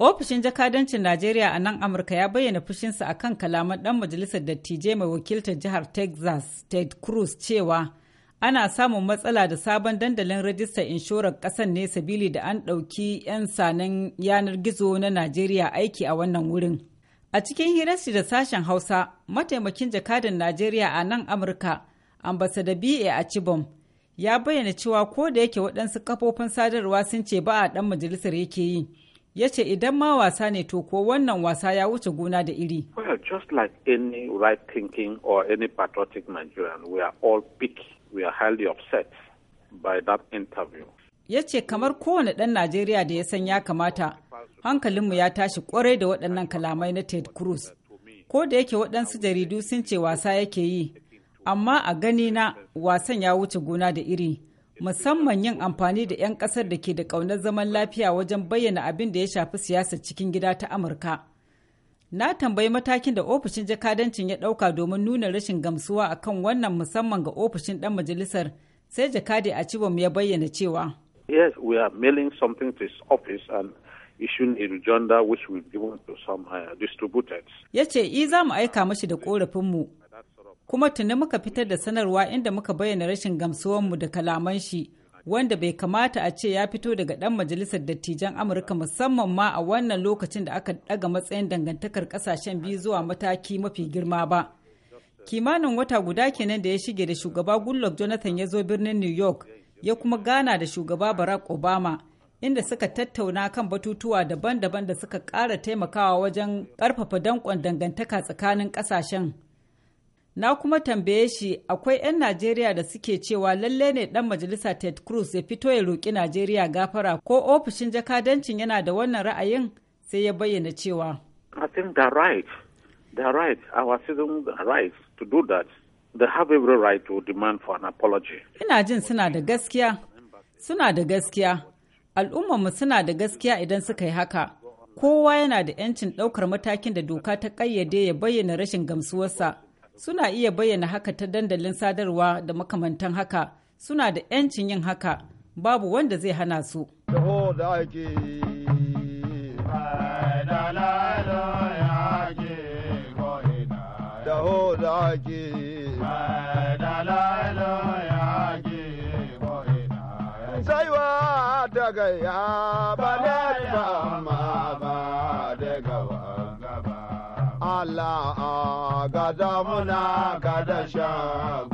Ofishin jakadancin Najeriya a nan Amurka ya bayyana fushinsa akan kalaman ɗan majalisar dattijai mai wakiltar jihar Texas, Ted Cruz, cewa ana samun matsala da sabon dandalin rajistar inshorar ƙasan ne sabili da an ɗauki 'yan sanan yanar gizo na Najeriya aiki a wannan wurin. A cikin hirarsu da sashen Hausa, mataimakin jakadan Najeriya a nan Amurka, ambasada BA a Chibom, ya bayyana cewa ko da yake waɗansu kafofin sadarwa sun ce ba a ɗan majalisar yake yi. ya ce idan ma wasa ne to ko wannan wasa ya wuce gona da iri. Well, just like any right thinking or any patriotic Nigerian, we are all big, we are highly upset by that interview. Ya ce kamar kowane ɗan Najeriya da ya san ya kamata, hankalinmu ya tashi kwarai da waɗannan kalamai na Ted Cruz. Ko da yake waɗansu jaridu sun ce wasa yake yi, amma a gani na wasan ya wuce gona da iri. musamman yin amfani da 'yan kasar da ke da ƙaunar zaman lafiya wajen bayyana abin da ya shafi siyasar cikin gida ta Amurka. Na tambayi matakin da ofishin jakadancin ya ɗauka domin nuna rashin gamsuwa a kan wannan musamman ga ofishin ɗan majalisar sai jakade a ciwon ya bayyana cewa. Yes, we are mailing something to his office and issuing a rejoinder which given uh, Ya ce, "I za mu aika mashi da ƙorafinmu kuma tuni muka fitar da sanarwa inda muka bayyana rashin gamsuwanmu da kalaman shi wanda bai kamata a ce ya fito daga dan majalisar dattijan amurka musamman ma a wannan lokacin da aka ɗaga matsayin dangantakar ƙasashen biyu zuwa mataki mafi girma ba kimanin wata guda kenan da ya shige da shugaba goodluck jonathan ya zo birnin new york ya kuma gana da shugaba barack obama inda suka tattauna kan batutuwa daban-daban da suka ƙara taimakawa wajen ƙarfafa danƙon dangantaka tsakanin ƙasashen Na kuma tambaye shi akwai 'yan Najeriya da suke cewa lalle ne dan majalisa Ted Cruz ya fito ya roƙi Najeriya gafara ko ofishin jakadancin yana da wannan ra'ayin sai ya bayyana cewa. I think have every for an Ina jin suna da gaskiya. Suna da gaskiya. mu suna da gaskiya idan suka yi haka. Kowa yana da 'yancin ɗaukar matakin da doka ta ƙayyade ya bayyana rashin gamsuwarsa. suna iya bayyana haka ta dandalin sadarwa da makamantan haka suna da 'yancin yin haka babu wanda zai hana su. daga ya ba ma ba daga wa gaba. Allah a ah, gada muna kada shago.